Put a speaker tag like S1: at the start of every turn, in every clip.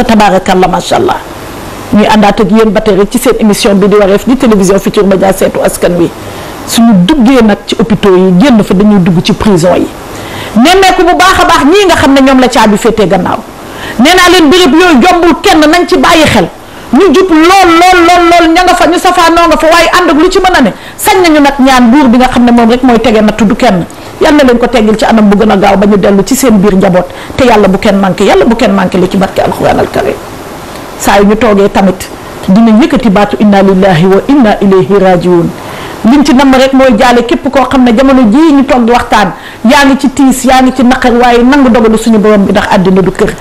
S1: fa tabaarakalla macha allah ñuy àndaat ak yéen ba tey rek ci seen émission bi di wareef di télévision Futurs Médias seetu askan wi suñu duggee nag ci hôpitaux yi génn fa dañuy dugg ci prison yi nemmeeku bu baax a baax ñii nga xam ne ñoom la caabi féetee gannaaw nee naa leen béréb yooyu jombul kenn nañ ci bàyyi xel. ñu jub lool lool lool lool ña nga fa ñu safaanoo nga fa waaye ànd lu ci mën a ne sañ nañu nag ñaan buur bi nga xam ne moom rek mooy tege na tudd kenn yal na leen ko teggil ci anam bu gën a gaaw ba ñu dellu ci seen biir njaboot te yàlla bu kenn manqué yàlla bu kenn manqué li ci barke alxuraan al karim saa yu ñu toogee tamit dina yëkkati baatu inna lillahi wa inna ilayhi rajiun liñ ci namm rek mooy jaale képp koo xam ne jamono jii ñu toog di waxtaan yaa ci tiis yaa ci naqar waaye nangu dogalu suñu borom bi ndax àddina du kër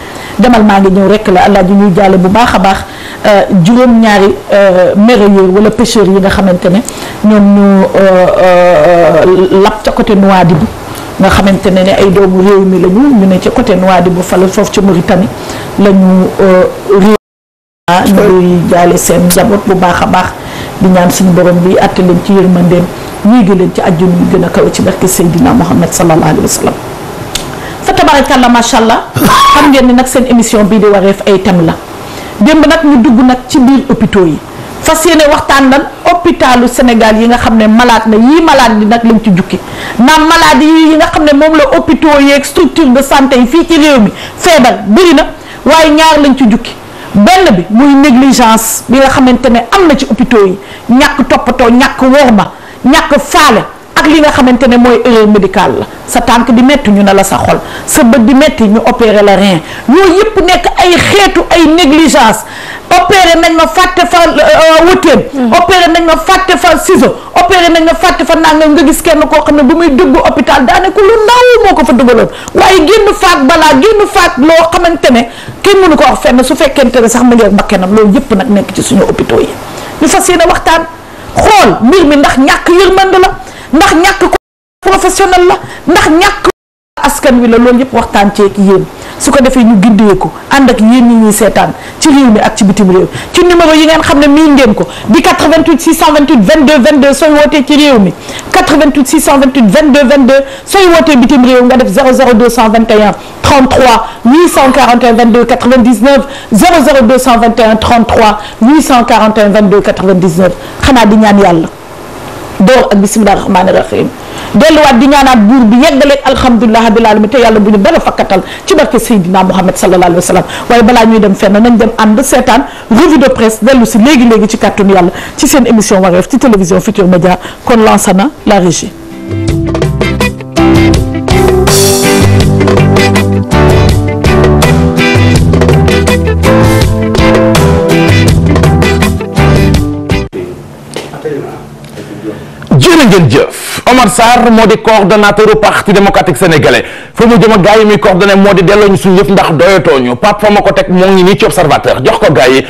S1: demal maa ngi ñëw rek la allah ji ñuy jaale bu baax a baax euh, juróom ñaari euh, mareyeurs wala pêcheurs yi nga xamante ne ñoom ñu euh, lap ca côté Nouadhibou nga xamante ne ne ay doomu réew mi la ñu ne ca côté Nouadhibou fala foofu ca Mauritanie la ah, ñu réew ñuy jaale seen njaboot bu baax a baax di ñaan suñu borom bi àtte leen ci yërmandeem ñuy gi leen ci àjjana yu gën a kawe ci barke Seydina Muhammad sallallahu alayhi wa sallam fa tabarakàlla macha allah xam ngeen ni nag seen émission bii di wareef ay tam la démb nag mu dugg nag ci biir hôpitaux yi fas yéene waxtaan lan hôpitalu Sénégal yi nga xam ne malaat na yii malaat yi nag lañ ci jukki naam malaat yi nga xam ne moom la hôpitaux yeeg structure de santé yi fii ci réew mi feebar bëri na waaye ñaar lañ ci jukki benn bi muy négligence bi nga xamante ne am na ci hôpitaux yi ñàkk toppatoo ñàkk worma ñàkk faale ak li nga xamante ne mooy erreur médicale la sa tànk di metti ñu ne la sa xol sa bët di metti ñu opéré la rein yooyu yëpp nekk ay xeetu ay négligence opéré nañ ma fàtte fa euh, euh, wëteen hmm. opéré nañ ma fàtte fa ciseau opéré nañ ma fàtte fa nangam nga gis kenn koo xam ne bu muy dugg hôpital daanaka lu ndaw moo ko fa dugaloon waaye génn faat balaa génn faat loo xamante ne kenn mënu ko wax fenn su fekkente ne sax mu ngi ak bakkanam loolu yëpp nag nekk ci suñu hôpitaux yi ñu fas yéene waxtaan xool mbir mi ndax ñàkk yërmande la ndax ñàkk professionnel la ndax ñàkk askan wi la loolu yëpp waxtaan ceeg yéen su ko defee ñu gindeeku ko ak yéen ñi ñuy seetaan ci réew mi ak ci bitim réew ci numéro yi ngeen xam ne mii ngeen ko di 88 628 22 22 sooy wootee ci réew mi 88 628 22 22 sooy wootee bitim réew nga def 00 221 33 841 22 99 00 221 33 841 22 99 xanaa di ñaan yàlla. door ak bisimilah rahmaani rahim delluwaat di ñaanaat buur bi yeggaleeg alhamdulilah rabbil alamin te yàlla bu ñu dara fakkatal ci barke Seydina Mouhamed sallallahu alayhi wa sallam waaye balaa ñuy dem fenn nañ dem ànd seetaan revue de presse dellu si léegi léegi ci kàttanu yàlla ci seen émission wareef ci télévision Futur Média kon lancé na la régie.
S2: ngeen jëf Omar Sarr moo di coordonnateur parti démocratique sénégalais fa mu jëm a gars yi muy coordonné moo di delloo ñu suñu yëf ndax doyatoo ñu Pape fa ma ko teg moo ngi nii ci observateur jox ko gars yi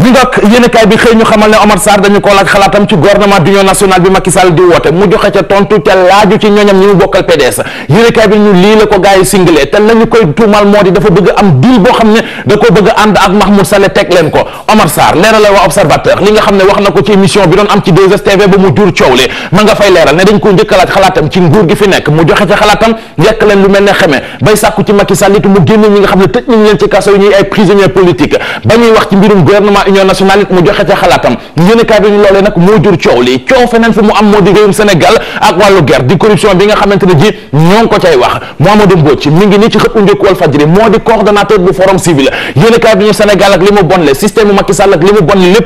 S2: di ndok yéenekaay bi xëy ñu xamal ne Omar Sarr dañu ko laaj xalaatam ci gouvernement d'union nationale bi Macky Sall di woote mu joxe ca tontu te laaju ci ñooñam ñi mu bokkal PDS yéenekaay bi ñu lii la ko gars yi singlé te lañu koy tuumal moo dafa bëgg am deal boo xam ne da ko bëgg ànd ak Mahmoud Saleh teg leen ko Omar Sarr leeralal waa observateur li nga xam ne wax na ko ci émission bi doon am ci 2STV ba mu jur coow li ma nga fay leeral ne dañ ko njëkk a xam ne tëj union nationale it mu joxe ca xalaatam yéen kaay bi ñu loolee nag moo jur coow li coow feneen fi mu am moo di réewum Sénégal ak wàllu guerre di corruption bi nga xamante ji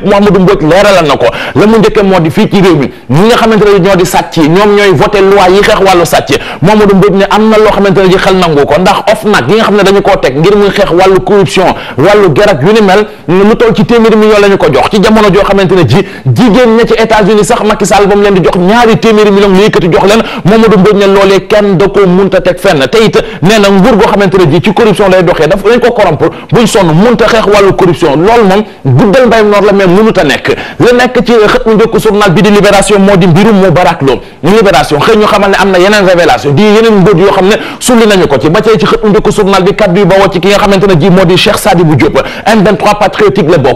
S2: na ko la mu njëkkee moo di ñoom ñooy voté loi yi xeex wàllu sàcc Mouhamadou Mbodj ne am na loo xamante ji xel nangu ko ndax OFNAC yi nga xam ne dañu koo teg ngir muy xeex wàllu corruption wàllu guerre ak yu ni mel lu toll ci téeméeri téeméeri million la ñu ko jox ci jamono joo xamante ne ji jigéen ña ci États-Unis sax Macky Sall ba mu leen di jox ñaari téeméeri million la yëkkati jox leen Mamadou Mbodj ne loolee kenn da koo munta teg fenn te it nee na nguur goo xamante ne ji ci corruption lay doxee daf dañ ko corrompre buñ sonn munta xeex wàllu corruption loolu moom guddal mbéyum noor la mais mënut a nekk la nekk ci xët mu njëkk bi di libération moo di mbirum Moubarak Lo libération xëy ñu ne am na yeneen révélation ne sulli mu njëkk moo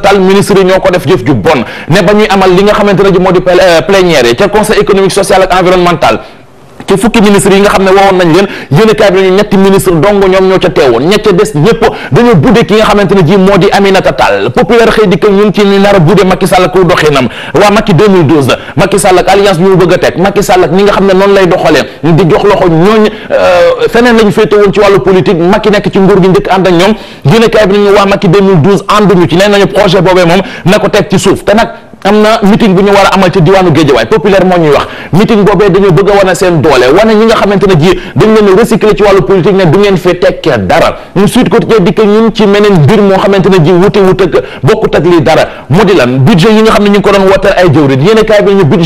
S2: Tall ministre yi ñoo ko def jëf ju bon ne ba ñuy amal li nga xamante ne ji moo di plénière ca conseil économique social ak environnemental ci fukki ministre yi nga xam ne woowoon nañ leen yéenekaay bi nañu ñetti ministre dong ñoom ñoo ca teewoon ñecca des ñëpp dañoo budde ki nga moo di Aminata Tall populaire xëy dikk ñun ci ñu nar a budde Macky Sall ak doxinam waa Macky a teg Macky nga xam ne noonu lay doxalee di jox loxo ñooñ euh, feneen lañ féete woon ci wàllu politique Macky nekk ci nguur gi njëkk ànd ak ñoom yéenekaay bi nañu waa Macky 2012 ànduñu ci nee nañu projet boobee moom na ko teg ci suuf te nag am na meeting bu ñu war a amal ci diwaanu Géejawaay populaire ñuy wax meeting boobee dañoo bëgg a wane seen doole wane ñi nga xamante ji dañ leen recycler ci wàllu politique ne du ngeen fi tekkee dara ñu suite quotidien di budget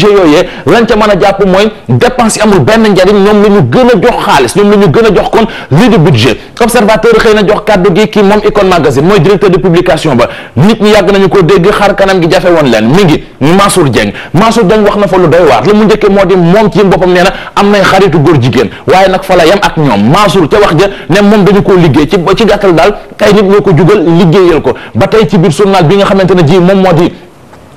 S2: yi nga xam a jàpp mooy dépense amul benn njariñ ñoom la gën a jox xaalis ñoom la gën a jox kon lii di budget observateur xëy na jox kàddu gi kii moom Icon Magazine mooy directeur de publication ba nit ñi yàgg mi ngi Mansour Dieng Mansour Dieng wax na fa lu doy waar la mu njëkkee moom ci yëm boppam nee na am nay xaritu góor jigéen waaye nag fa ak ñoom Mansour ca wax ja ne moom dañu koo liggéey ci ci gàttal daal ay nit ñoo ko jugal liggéeyal ko ba tey ci biir journal bi nga xamante ne ji moom moo di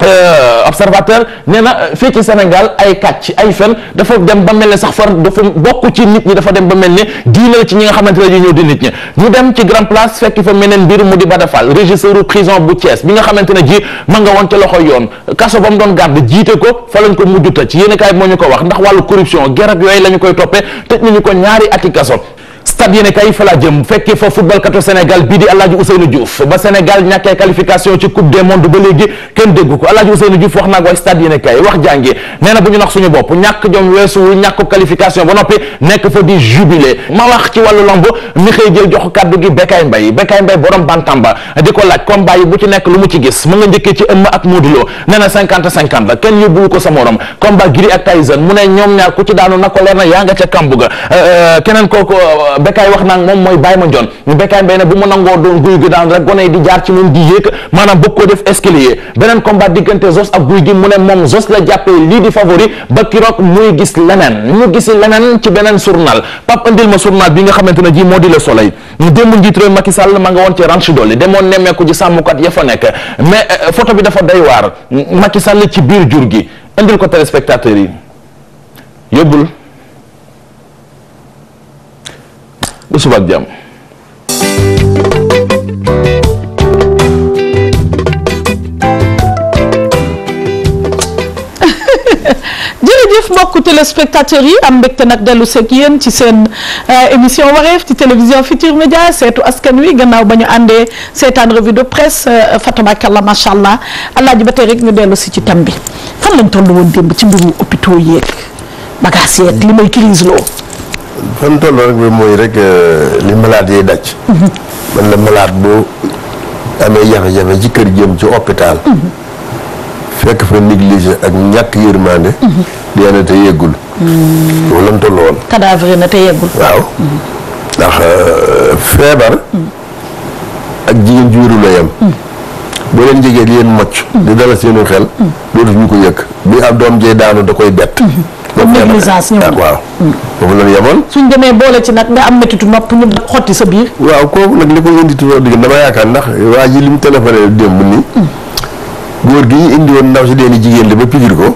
S2: Euh, observateur nee na euh, fii ci Sénégal ay kàcc ay fen dafa dem ba mel ne sax far dafa bokk ci nit ñi dafa dem ba mel ni diine ci ñi nga xamante ne ñu ñëw di nit ñi ñu dem ci grand place fekk fa meneen mbir mu di Bada Fall régisseur prison bu Thiès bi nga xamante ne ji ma nga woon ci loxo yoon kaso ba mu doon garde jiite ko fa lañ ko mujj tëj yéen kaay moo ñu ko wax ndax wàllu corruption gerab yooyu lañu koy toppee tëj ñu ko ñaari ati kaso stade yéene kay fa laa jëm fekki fa football katu Sénégal bii di Alaaji Ousseynou Diouf ba Sénégal ñàkkee qualification ci coupe du monde ba léegi kenn déggu ko Alaaji Ousseynou Diouf wax naa ko stade yéene wax jàngi nee bu ñu nax suñu bopp ñàkk jom weesuwul ñàkk qualification ba noppi nekk fa di jubilé ma wax ci wàllu lamb mi jël jox kàddu gi Bekaay Mbay Bekaay Mbay borom Bantamba di ko laaj combat bu ci nekk lu mu ci gis mu nga njëkkee ci ëmma ak Modou Lo nee na Bécaye wax naan moom mooy Baye Mandione ñu Bécaye Mbaye ne bu mu nangoo doon guy gi daan rek gone yi di jaar ci moom di yéeg maanaam bëgg ko def escalier beneen combat diggante Zos ak guy gi mu ne moom Zos la jàppee lii di favori ba kiroog muy gis leneen ñu gis leneen ci beneen journal Pape andil ma journal bi nga xamante ne ji moo di Le Soleil démb njiit réew Macky Sall ma nga woon ci ranch dolli demoon nemmeeku ji sàmmkat ya fa nekk mais euh, euh, photo bi dafa doy waar Macky Sall ci biir jur gi indil ko téléspectateurs yi ba suba ak jàmm.
S1: jërëjëf mbokku téléspectateurs yi am mbégte nag dellu seeg yéen ci seen euh, émission wareef ci télévision Futur Média seetu askan wi gannaaw ba ñu àndee seetaan revue de presse euh, fatabakallah macha allah alaaji ba tey rek ñu dellu si ci tam bi fan lañ toll woon démb ci mbiru hôpitaux yeeg bagaas yeeg li may crise loo
S3: fan toll rek bi mooy rek euh, li malade yi daj. man la malade bu amee jafe ci kër jëm ci hôpital. Mhm. fekk fa négligé ak ñàkk yërmande. Mhm. dee na te yeggul. Mm. loolu lan
S1: toll na te yeggul. waaw mhm.
S3: ndax euh, feebar. ak jigéen juuru la boo leen jegee di leen mocc di dala seenu xel loolu ñu ko yëkk bi ab doom jee daanu da koy bett mhm. comme négligence ñëw na ah, waaw mhm. foofu la yemoon suñ demee ci nag nga am méttitu nopp ñu xotti sa biir waaw kooku nag li ko indi tuuti digg dama yaakaar ndax waa ji li mu téléphoné démb mhm. góor gi indi woon ndaw si dee ni jigéen li ba pigir ko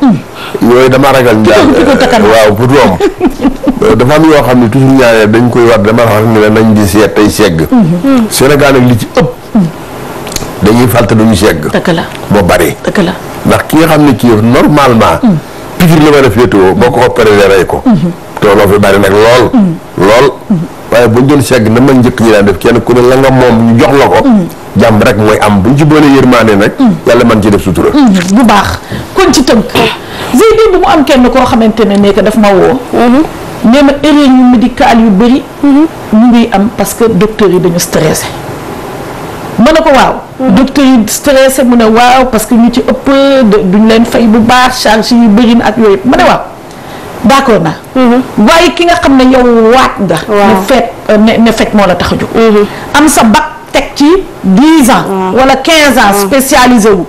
S3: yooyu dama ragal njaal waaw pour romb dafa am yoo xam ne toujours ñaareel dañ koy war dama raxas ne nañ di seet tey segg Sénégal ak li ci ëpp dañuy falta duñu segg dëgg la boo bari dëgg ndax ki nga xam ne kii normalement mm. piqûre la war a féetewoo boo ko opéré rey ko mm-hmm. tooloo fi bari nag lool
S1: mm-hmm. lool
S3: mm-hmm. waaye bu ñu doon segg na ma njëkk ñi daan def kenn ku ne la nga moom ñu jox la ko jàmm rek mooy am bu ñu ci boole yërmaane nag yàlla man ci def sutura
S1: bu baax kon ci tënk Zeydi bu mu am kenn koo xamante ne nekk daf ma woo nee ma erreur yu médical yu bëri ñu ngiy am parce que docteurs yi dañu stressé mën na ko waaw. docteur yi stressé mu ne waaw parce que ñu ci ëpp duñ leen fay bu baax charge yi bëri na ak yooyu man ne waaw d'accord naa. Mhm. waaye ki nga xam ne yow waat nga. ne fet euh, ne ne fet moo la tax a jóg. Mhm. am sa bac teg ci dix ans. wala quinze ans mhm. spécialisé wu.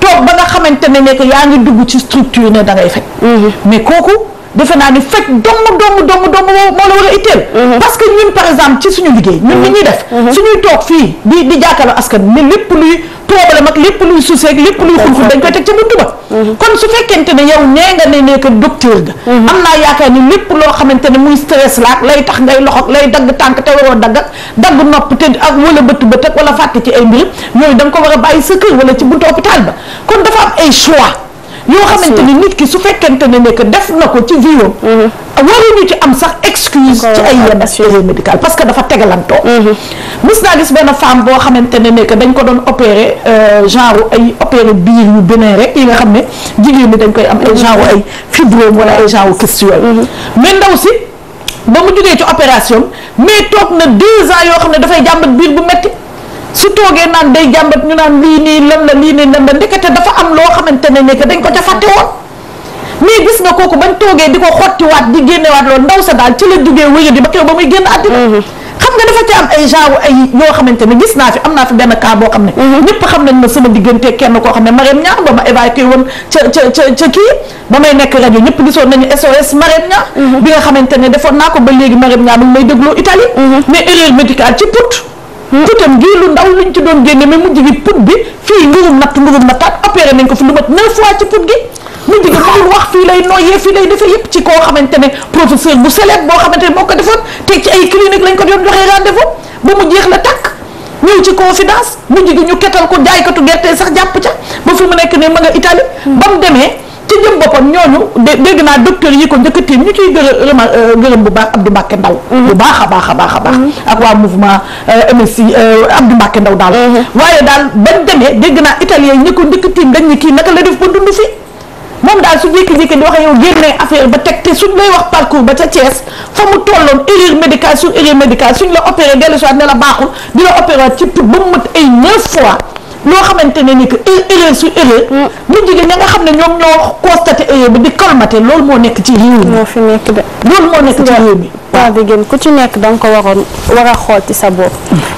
S1: toog ba nga xamante ne ne que yaa ngi dugg ci structure ne dangay ngay mais kooku. defe naa ni fekk dong dong dong dong moo la war a itteel. Mhm. parce que ñun par exemple ci suñu liggéey. ñun li ñuy def. Mhm. Mhm. suñuy toog fii di di jàkkaarloo askan ni lépp luy problème ak lépp luy souci lépp luy xulxul dañ koy teg ca su fekkente ne yow nga ne nekk docteur ga. am naa yaakaar loo xamante ne muy stress la ak lay tax ngay loxo lay dagg tànk te waroo dagg ak dagg nopp te ak wala bëtt bët ak wala fàtte ci ay mbir yooyu da ko war a bàyyi sa kër wala ci buntu hôpital ba kon dafa am ay choix. yoo xamante ni nit ki su fekkente ne nekk def na ko ci vie am mhm. waruñu ci am sax excuse ci ay yenn assuré médical parce que dafa tegalantoo mhm. mës naa gis benn femme boo xamante ne nekk dañ ko doon opéré euh, genre ay opéré biir yu beneen rek yi nga xam ne jigéen ñi dañ koy am ay mhm. genre ay fibrome wala ay genre kyste yooyu mais ndaw si ba mu jógee ci opération mais toog na deux ans yoo xam ne dafay jàmbat biir bu metti su toogee naan day jàmbat ñu naan lii nii lan la lii nii lan la ndekete dafa am loo xamante ne nekk dañ ko ca fàtte woon mais gis nga kooku bañ toogee di di génnewaat loolu ndaw sa daal ci la jugee wéyu di ba kew ba muy génn àddina mm-hmm. xam nga dafa ci am ay genre ay yoo xamante ne gis naa fi am naa fi benn cas boo xam ne mm-hmm. ñëpp xam nañ ma sama diggante kenn koo xam ne Marème Niang ba ma évacué woon ca ca ca ca kii ba may nekk rajo ñëpp gisoon nañu SOS Marème Niang mm-hmm. bi nga xamante ne defoon naa ko ba léegi Marème Niang mu ngi may dégloo Italie mais erreur tutam gii lu ndaw luñ ci doon génne mais mujj gi put bi fii ngurum natt ngurum nattaat opéré nañ ko fi lu mat neuf fois ci put gi mujj gi mënul wax fii lay nooyee fii lay defee yëpp ci koo xamante ne professeur bu célèbre boo xamante ne moo ko defoon teg ci ay clinique lañ ko doon joxee rendez-vous ba mu jeex la takk ñëw ci confidence mujj gi ñu ketal ko jaaykatu gerte sax jàpp ca ba fi mu nekk ne ma nga Italie ba demee ci jëm boppam ñooñu dégg naa docteur yi ko njëkk a ñu ciy gërëm euh, gërëm bu baax Abdou Mbacke Ndaw mm-hmm. bu baax a baax a baax a baax mm-hmm. ak waa mouvement euh, MSI euh, Abdou Mbacke Ndaw daal mm-hmm. waaye daal bañ demee dégg naa italien yi ñi ko njëkk a dañ ni kii naka la def ba dund si moom daal su jékki-jékki di wax yow génnee affaire ba teg te suñ lay wax parcours ba ca Thiès fa mu tolloon erreur médicale sur erreur suñ la opéré dellu soit baaxul di la opéré ci tub ba mu mat ay neuf fois loo xamante ne ni que erreur sur mm. ña nga xam ne ñoom ñoo constaté erreur bi di colmaté loolu moo nekk ci réew mi. moo fi nekk de. loolu moo nekk ci réew mi. waaw di gën ku ci nekk da nga ko waroon war a xool ci sa bopp.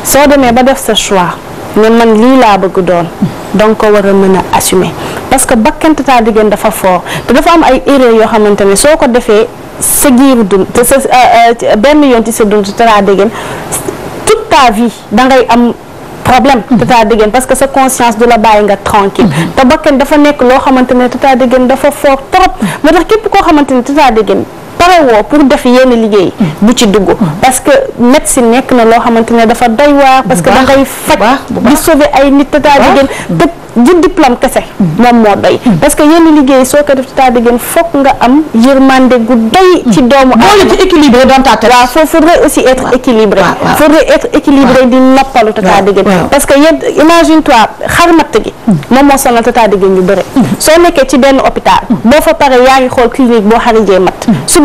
S1: soo demee ba def sa choix. ne man lii laa bëgg doon. da nga ko war a mën a assumer. parce que bakkante taa di dafa fort te dafa am ay erreur yoo xamante ne soo ko defee sa giiru dund te sa euh, euh, benn yoon ci sa dund te laa problème tata diggéen parce que sa conscience du la bàyyi nga tranquille mm-hmm. te bakkan dafa nekk loo xamante ne tata diggéen dafa fort trop moo tax képp koo xamante ne tata diggéen pare woo pour def yenn liggéey bu ci dugg hmm. parce que médecine nekk na loo xamante ne dafa doy waar parce que da ngay faj di sauver ay nit tataa di ah. gën hmm. te kese hmm. moom moo doy parce que yenn liggéey soo ko def tataa di nga am yërmande gu doy ci doomu boole ci équilibré dans di noppalu tataa parce que yéen imagine toi xarmat gi moom moo sonal tataa di gën soo nekkee ci benn hôpital boo fa pare yaa ngi xool clinique boo xarijee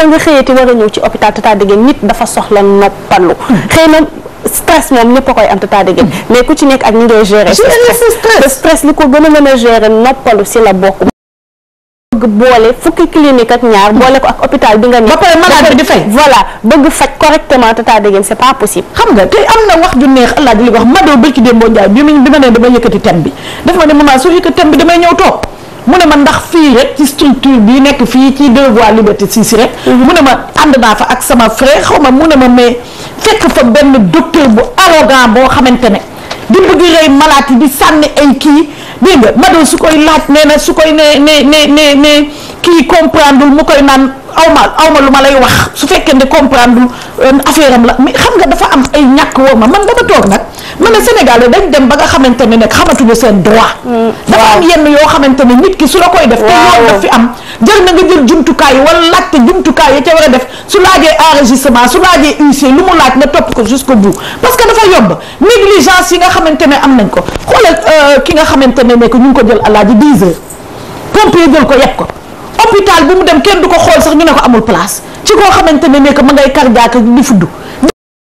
S1: ba nga xëyati te a ñëw ci hôpital tata dégg nit dafa soxla noppalu xëy na stress moom ñëpp a koy am tata dégg mais ci nekk ak ni ngay gérer stress li ko gën a mën a gérer noppalu si la bokk bëgg boole fukki clinique ak ñaar boole ko ak hôpital bi nga ne ba pare malade bi di fay voilà bëgg faj correctement tata dégg c'est pas possible xam nga te am na wax ju neex Allah di li wax Mado Belkide Mbodjaay bi ma ne dama yëkkati thème bi daf ne maman soo yëkkati thème bi damay ñëw toog mu ne ma ndax fii rek ci structure bi nekk fii ci deux voies liberté six rek mhm. mu ne ma ànd naa fa ak sama frère xaw ma mu ne ma mais fekk fa benn docteur bu arrogant boo xamante ne di bëgg rey maladie di sànni ay kii dégg nga Mado su koy laaj nee na su koy ne ne nee ne ne kii comprendre mu koy naan awma awma lu ma lay wax su fekkee ne comprendre euh, affaire am la mais xam nga dafa am ay ñàkk woo ma man dama toog nag ma ne Sénégal dañ dem ba nga xamante ne nag xamatuñu seen droit mm. dafa am yenn yoo xamante ne nit ki su la koy def te fi am jël na nga jumtukaay yi wala laajte jumtukaay yi ca war su laajee enregistrement su laajee huissier lu mu laaj nga topp ko jusqu'au bout parce que dafa yomb négligence yi nga xamante ne am nañ ko xoolal euh, ki nga xamante ne ne ko ngi ko jël à l'âge de 10 heures pompier ko yeb ko hôpital bu mu dem kenn du ko xool sax ñu ne ko amul place ci koo xamante ne ne que ma ngay cardiaque di fudd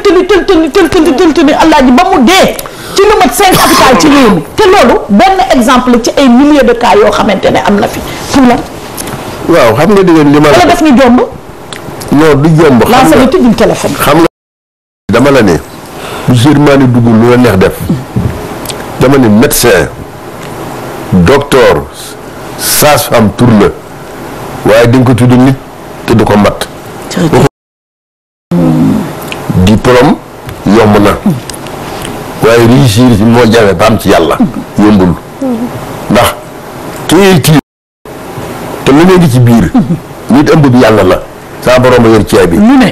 S1: tëli tël tëli tël tëli tël tëli alaaji ba mu dee ci lu mat cinq hôpital ci réew mi te loolu benn exemple ci ay milliers de cas yoo xamante ne am na fi pour la
S3: waaw xam nga dëgg li ma la def ñu jomb non du jomb laa sa ni tëjul téléphone xam nga dama la ne bu germani dugg lu la neex def dama ne médecin docteur sage-femme pour la waaye dañ ko tudd nit te du ko mat. diplôme yomb na. waaye réussir si moo jafe ba am ci yàlla. yombul. ndax ki ngay tiir te lu ne ngi ci biir. nit ëmb bi yàlla la. saa boroom ba yor ceeb bi. mu ne.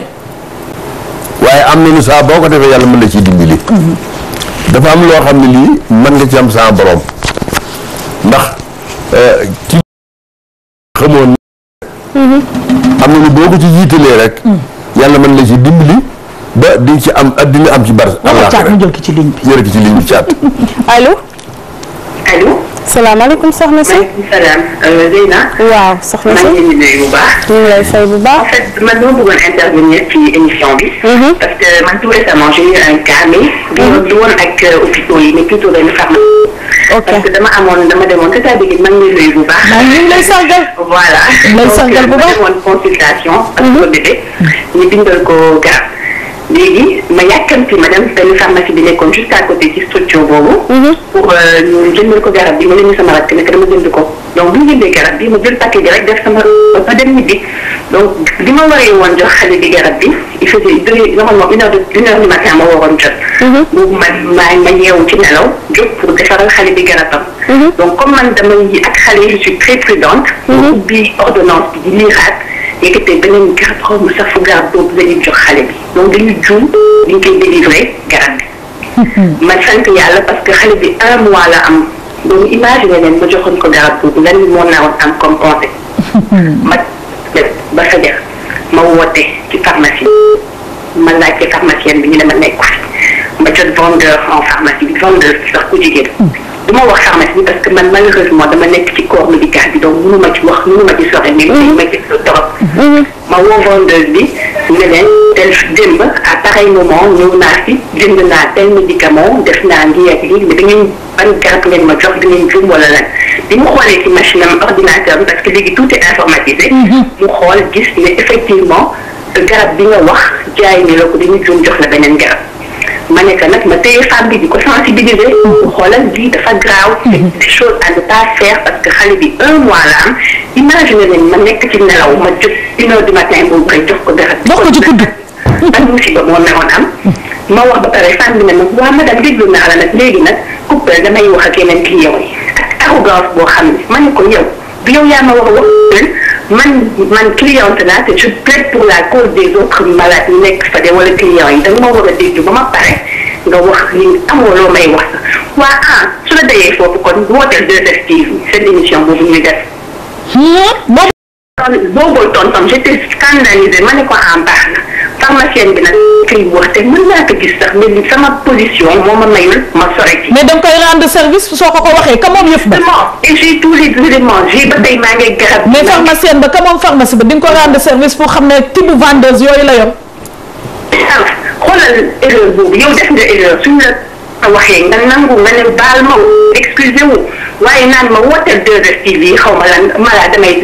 S3: waaye am na lu saa boo ko defee yàlla mën na ciy dimbali. dafa am loo xam mën nga ci am saa borom. ndax ci eh, xam nga ni boo ko ci jiitalee rek. Mm. yàlla mën la ci dimbali ba di ci am dina am ci bar. alaaxira caat mu jël ki ci ligne bi jël ki ci ligne bi caat.
S1: allo. allo. salaamaaleykum soxna si. maaleykum salaam euh, Zeyna. waaw soxna si maa ngi nuyu bu baax. ñu ngi lay fay bu baax. en fait man dama bëggoon intervenir ci émission bi. Mm-hmm. parce que man tout récemment j'ai eu un cas mais. Mm-hmm. du woon ak hôpitaux yi mais plutôt benn pharmacie. ok parce que dama amoon dama demoon c'est-à-dire man lay nuyu bu baax. maa ngi lay sangal. voilà lay sangal bu euh, baax donc dama demoon consultation. Mhm. ak ko bébé ñu ko garab. léegi ma yàkkamti ma dem benn pharmacie bi nekkoon juste à côté ci structure boobu. Mhm. pour euh, ñu jëndal ko garab bi ma leen ni sama rakk nekk dama jënd ko donc bu ñu jëndee garab bi ma jël paquet bi rek def sama ba dem ñibbi donc li ma waree woon jox xale bi garab bi il faisait deux normalement une heure de une heure du matin ma waroon jot. Mhm. boobu ma ma ma ñeewu ci nelaw jóg pour defaral xale bi garabam. Mhm. donc comme man dama yi ak xale yi je suis très prudente. ubbi ordonnance bi di liiraat. yëkkatee beneen garab xaw ma sax fu garab boobu la jox xale bi donc dañu juum dañ koy délivrer garab bi. ma sant yàlla parce que xale bi un mois la am donc imaginer leen ma joxoon ko garab boobu lan moo naawoon am comme conseil. ma ba sa def ma woote ci pharmacie ma laaj ci pharmacienne bi ñu ne ma nekk ma jot vendeur en pharmacie bi vendeur sax ku jigéen. Mm. du ma wax pharmacie bi parce que man malheureusement dama nekk ci corps médical bi donc mënu ma ci wax mënu ma ci sore mais mhm. mënu ma ci torop ma woo vendeuse bi ne leen tel démb à pareil moment ñëw naa fi jënd naa tel médicament def naa lii ak lii mais da ngeen ban garab ngeen ma jox da ngeen jum wala lan bi mu xoolee ci machine am ordinateur bi parce que léegi tout est informatisé mhm. mu xool gis ne effectivement garab bi nga wax jaay ni la ko dañu jum jox la beneen garab ma ne que nag ma téye femme bi di ko sensibiliser. bu mm-hmm. xoolal lii dafa graaw. Mm-hmm. c'est des choses à ne pas faire parce que xale bi un mois la am imaginer leen ma nekk ci nelaw ma jóg une heure du matin boobu koy jox ko garab. jox ko ci kuddu. ban musiba moo naroon mm-hmm. ma wax ba pare femme bi ne ma waa madame déglu naa la nag léegi nag couple damay wax ak yeneen clients yi ak arrogance boo xam ne ma ne ko yow bi yow yaa ma war a wax man man cliente laa te je plaide la cause des autres malades nekk fa de wala clients yi da nga ma war a déglu ba ma pare nga wax ni amoo loo may wax waa ah su la dayee foofu kon wooteel 2STV seen émission boobu ñuy def. boobu boobu tontam j'étais scandalisée ma ne ko en baax na. pharmacienne bi nag koy woote mën naa ko gis sax sama position moo ma mayul ma sore ci. mais da nga koy rendre service soo ko ko waxee ka moom yëf ba. et j'ai tous les éléments ba tey maa ngi garab. ba ka moom pharmacie ba di ko rendre service pour xam ne type vendeuse yooyu la yor. ah xoolal erreur boobu yow def nga erreur suñ la waxee nga nangu nga ne baal ma excusez wu waaye naan ma wooteel 2STV lii xaw ma lan ma laa damay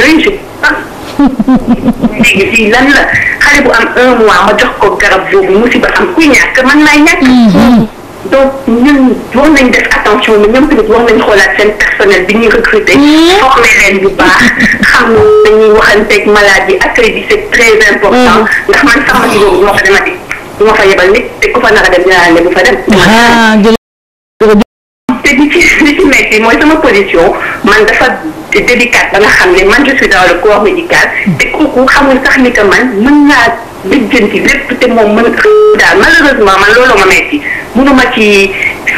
S1: yooyu je léegi fii lan la xale bu am un mois ma jox ko garab boobu musiba am kuy ñàkk man maay ñàkk. Mhm. donc ñun war nañ def attention mais ñoom tamit war nañ xoolaat seen personnel bi ñuy recruter. Mhm. former leen bu baax. xam nañuy waxanteeg malade yi accueil bi c'est très important. Mhm. ndax man sama ci boobu moo fa demati. moo fa yebal nit te ku fa naka dem dinaa leen bi mooy sama position man dafa délicat ba nga xam ne man je suis dans le corps médical te xam xamul tax ni que man mën naa lijjanti lépp te moom mën daal malheureusement man loolu ma metti mënuma ci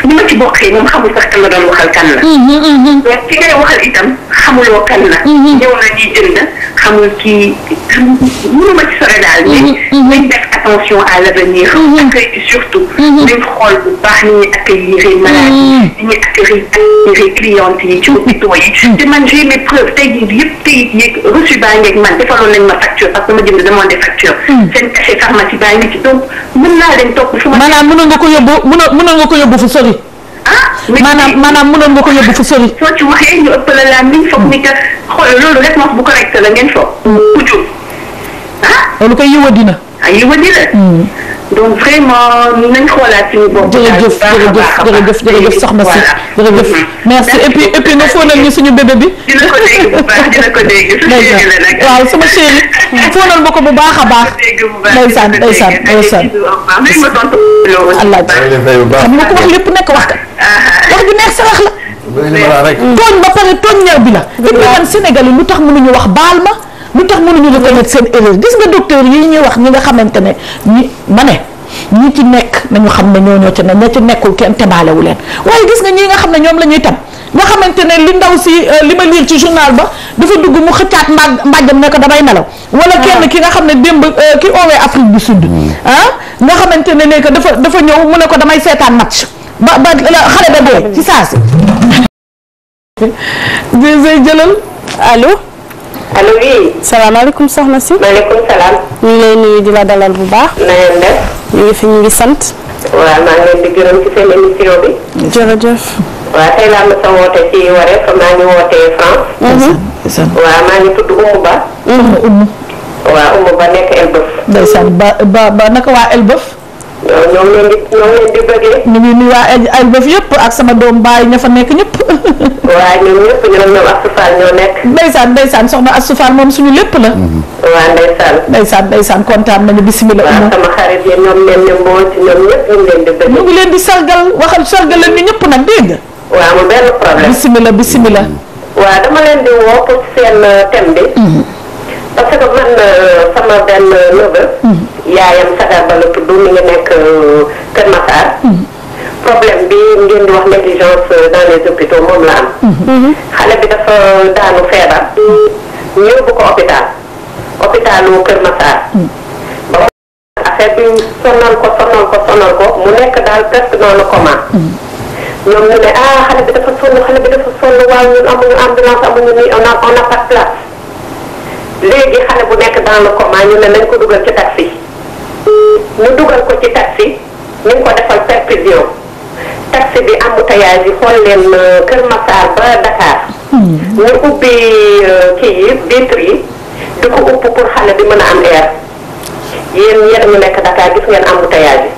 S1: ñu ma ci bokkee moom xamul sax kan la doon waxal kan la. Mhm, mhm. donc ki ngay waxal tam xamuloo kan la. ñëw mhm. na di jënd xamul kii mënuma ci sore daal. mais nañ def attention à l'avenir. Mm-hmm. accueil bi surtout. nañ xool bu baax ni ñuy accueillir malade yi. ni ñuy accueillir clientes yi ci hôpitaux yi. te man j'ai mes preuves tey jii yëpp tey yeeg reçu baa ngeeg man defaloon nañ ma facture parce que ma jënd demande facture. Mm-hmm. seen cachet pharmacie baa ngi ci donc mën naa leen topp fu ma. maanaam mënoon nga ko yóbbu mënoon mënoon nga ko yóbbu fu sori. Ah, maanaam maanaam mënoon nga ko yóbbu fu sori. soo ci waxee ñu ëpp la la miñ foog ni que xool loolu réponse bu correcte la ngeen foog. Mm-hmm. ku jóg ah. loolu ak li ma di la. donc vraiment nañ xoolaat suñu bopp. jërëjëf jërëjëf jërëjëf jërëjëf soxna si jërëjëf. Hmm. merci et puis et puis nga fóonal ñu suñu bébé bi. dina ko dégg bu baax dina ko dégg. waaw sama chéri hmm. fóonal ma ko bu baax a baax. ndeysaan ndeysaan ndeysaan. allah xam nga ko wax lépp nekk wax ka. Ah. wax ju neex sarax la. tooñ ba pare tooñ ñaar bi la. te man Sénégal yi lu tax mënuñu wax baal ma. lu tax mënuñu reconnaître seen erreur gis nga docteur yi ñuy wax ñi nga xamante ne ñi ma ne ñi ci nekk nañu xam ne ñoo ñoo ci ne ña ci nekkul kenn tebaalewu leen waaye gis nga ñi nga xam ne ñoom la ñuy tam nga xamante ne li ndaw si euh, li ma liir ci journal ba dafa dugg mu xëccaat mbaaj mbaajam ne ko damay nelaw wala ah. kenn ki nga xam ne démb euh, ki oowee Afrique du Sud hmm. ah nga xamante ne nekk dafa dafa ñëw mu ne ko damay seetaan match ba ba xale ba dee ci saa si jëlal allo allo oui. salaamaaleykum soxna si. maaleykum salaam. ñu ngi lay di la dalal bu baax. na ngeen def. ñu ngi fi sant. waaw maa ngi leen di gërëm ci seen émission bi. jërëjëf. waaw tey laa ma sa woote ci Wareef maa ngi France. c' mhm. waaw maa ngi tudd Ba. Oumou mhm. Oumou. waaw Oumou Ba nekk Elbeuf. ba ba waa Elbeuf. ñoo ngi leen di ñoo ngi leen di bëggee. ñu ngi nuyu waa Elbeuf yëpp ak sama doom baay ña fa nekk ñëpp. waaw ñoom ñëpp ñu ne ñoom Astoufal ñoo nekk. ndeysaan ndeysaan soxna Astoufal moom suñu lépp la. Mhm. waaw ndeysaan. ndeysaan ndeysaan kontaan nañu bisimilah. waaw sama xarit yi ñoom ñoom ñoom moo leen di bëggee. ñu ngi leen di sargal waxal sargal leen ñu ñëpp nag dégg nga. waaw mu benn problème. bisimilah bisimilah. waaw dama leen di woo pour seen thème bi. Mhm. parce que man euh, sama benn neveu. Mhm. yaayam Sadar Ba la tudd mi ngi nekk euh, Kër Massar. Mhm. problème bi ngeen di wax négligence euh, dans les hôpitaux moom la am. Mhm. xale bi dafa daanu feebar. nekk daal presque
S3: ñoom
S1: ñu ne ah xale bi dafa sonn xale bi dafa sonn waaye ñun amuñu ambulance amuñu nii on a on place. léegi xale bu nekk dans le coma ñu ne nañ ko dugal ci taxi ñu dugal ko ci taxi ñu ngi ko defal perfusion taxi bi embouteillage yi xool leen euh, Kër Massar ba Dakar. Hmm. ñu ubbi euh, kii yi vitre yi di ko upp pour xale bi mën a am air yéen yéen ñu nekk Dakar gis ngeen embouteillage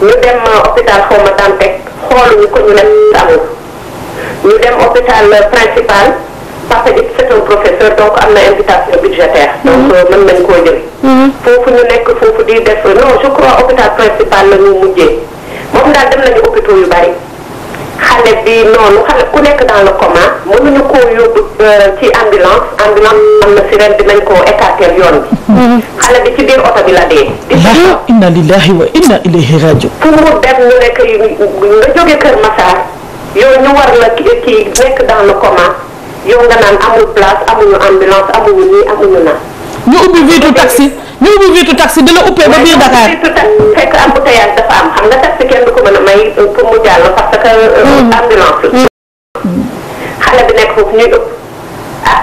S1: yi ñu dem euh, hôpital xaw ma Dantec xooluñu ko ñu ne amul ñu dem hôpital principal. papa it c'est un professeur donc am na invitation budgétaire. donc mhm. euh, mën nañ koo jël. Mhm. foofu ñu nekk foofu di def non je crois hôpital principal la ñu mujjee moom daal dem nañu hôpitaux yu bari xale bi noonu xale ku nekk dans le coma mënuñu koo yóbbu euh, ci ambulance ambulance am na si ren dinañ koo écarter yoon bi. Mhm. xale bi ci biir oto bi la dee.
S2: inna lillahi wa inna ilayhi raji'un.
S1: fu mu dem ñu nekk nga jóge Kër Massar yow ñu war la kii nekk dans le coma. yow nga naan amul place amuñu ambulance amuñu nii amuñu na ñu ubbi viitu taxi ñu ubbi viitu taxi di la uppee ba biir viitu taxi fekk am xam nga taxi kenn du ko mën a may parce que euh, mm. ambulance la mm. xale bi nekk foofu ñuy ëpp ah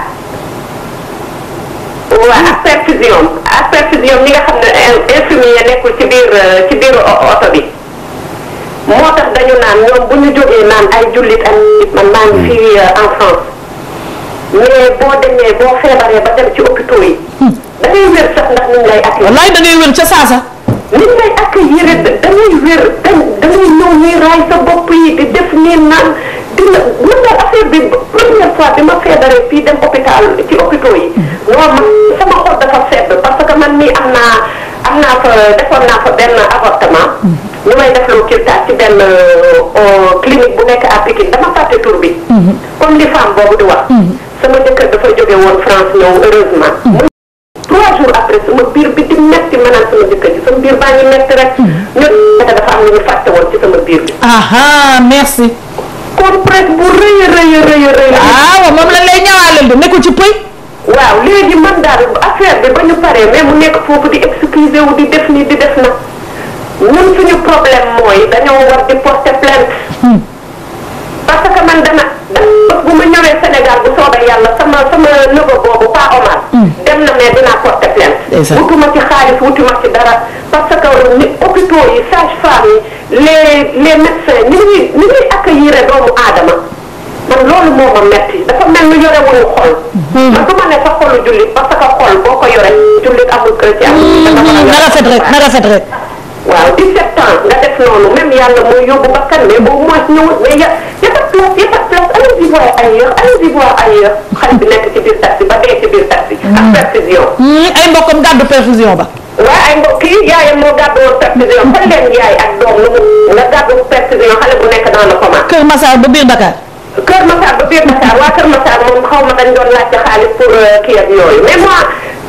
S1: waa mm. ak perfusion ak perfusion ñi nga xam ne infirmier nekkul ci biir euh, ci biir oto bi moo tax dañu naan ñoom bu ñu jógee naan ay jullit ak man fii euh, en France mais boo demee boo feebaree ba dem ci hôpitaux yi. Hmm. da ngay wér sax ndax ni lay accueillir. wallaay da ngay wér ca saasa. ni ñu lay accueillir da ngay wér da ñëw ñuy raay sa bopp yi di def nii naan di la mën nga affaire bi première fois bi ma feebaree fii dem hôpital ci hôpitaux yi. non hmm. man sama xol dafa sedd parce que man nii am naa am naa fa defoon naa fa benn avortement. Hmm. ñu may def loo kirtaas ci benn euh, clinique bu nekk à Pikine dama fàtte tur bi. comme li femme boobu ñëw heureusement. Mm. trois jours après sama biir bi di metti ma naan sama jëkkër ji sama biir baa ngi metti rek. Mm. ñun dafa am lu ñu fàtte woon ci sama biir bi. aha merci. kon bu rëy a rëy a rëy a rëy. waaw moom lay ñëwaaleel de nekkul ci pëy. waaw léegi man daal affaire bi ba ñu paree mais mu nekk foofu di excusé wu di def nii di def na ñun suñu problème mooy dañoo war di porter plainte. Mm. parce que man dama. bu ma ñëwee Sénégal bu soobee yàlla sama sama nëba boobu Pa Omar. Mm. dem na mais dinaa porter plainte. wutuma ci xaalis wutuma ci dara parce que ni hôpitaux yi sages-femmes yi les les médecins ni ñuy ni ñuy accueillir doomu aadama man loolu moo ma metti dafa mel ni yore wuñu xol. Mm. man bu ma ne sax xolu jullit parce xol boo ko yore jullit amul chrétien. Mm-hmm. na
S2: rafet rek na
S1: waaw 17 ans nga def noonu même yàlla mooy yóbbu bakkan mais boobu mooy ñëwul mais ya ya pas place ya pas place allez-y voir ailleurs allez-y voir ailleurs xale bi nekk ci biir taxi ba dee ci biir taxi. Hmm. ak perfusion. Hmm, ay mbokkam gàddu perfusion ba. waaw ay mbokk yi yaayam moo gàddu woon perfusion fan leen yaay ak doom lu mu nga gàddu perfusion xale bu nekk dans le coma. Kër Massar ba biir Dakar. Kër Massar ba biir Dakar waa Kër Massar moom xaw ma dañ doon laajte xaalis pour euh, kii ak yooyu mais moi.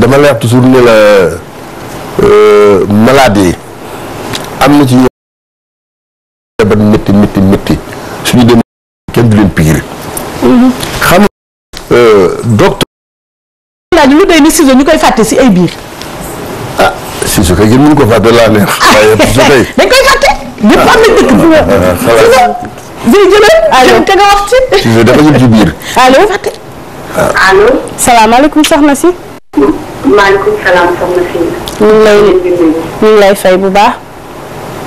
S3: dama lay wax toujours ne la euh, malade yi am na ci ñoom feebar métti métti métti suñu demee kenn du leen piir mm-hmm. xam nga euh, docteur
S1: ni koy fàtte si ay biir
S3: ah ciseau kay gën mënu ko fàtte laa neex ah, waaye ciseau tey
S1: dañ koy fàtte ñëpp am nañ dëkk bi jërëjëf allo te nga wax ci ciseau
S3: dafa jëm ci biir
S1: allo maaleykum salaam soxna si. ñu ngi lay ñu ngi lay fay bu baax.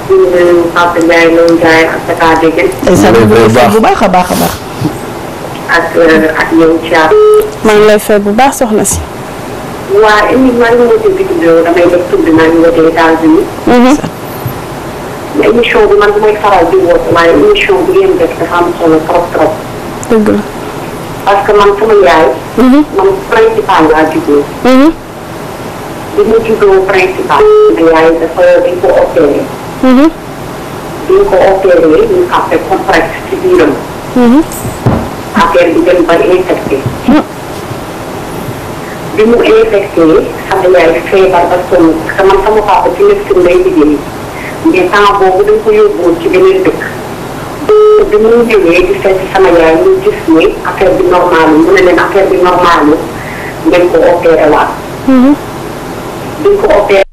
S1: ñu ngi lay Papa Ndiaye Lo Ndiaye ak Tata Dégène. bu baax a baax a baax. ak euh, ak yow Thiam. maa ngi lay fay bu baax soxna si. waa émission maa ngi wootee bitim réew damay def tur bi maa ngi wootee États-Unis. Mhm. émission bi man mooy faral di woote waaye émission bi ngeen def dafa am solo trop trop. dëgg la. parce que man sama yaay. man mhm. principal laa juddoo. Mhm. bi ma juddoo principal. sama yaay dafa dañ
S3: ko opéré. Mhm.
S1: bi ñu ko opéré ñu xàppe contracture ci biiram. affaire bi dem ba infecté. bi mu infecté sama yaay feebar ba sonn parce que man sama papa ci liggéey mais temps boobu dañ ko yóbbuwoon ci beneen dëkk. bi mu jógee di fekk sama yaay ñu ni affaire bi mu ne leen affaire bi normal la ngeen ko opéré waat. Mhm. bi ko opéré.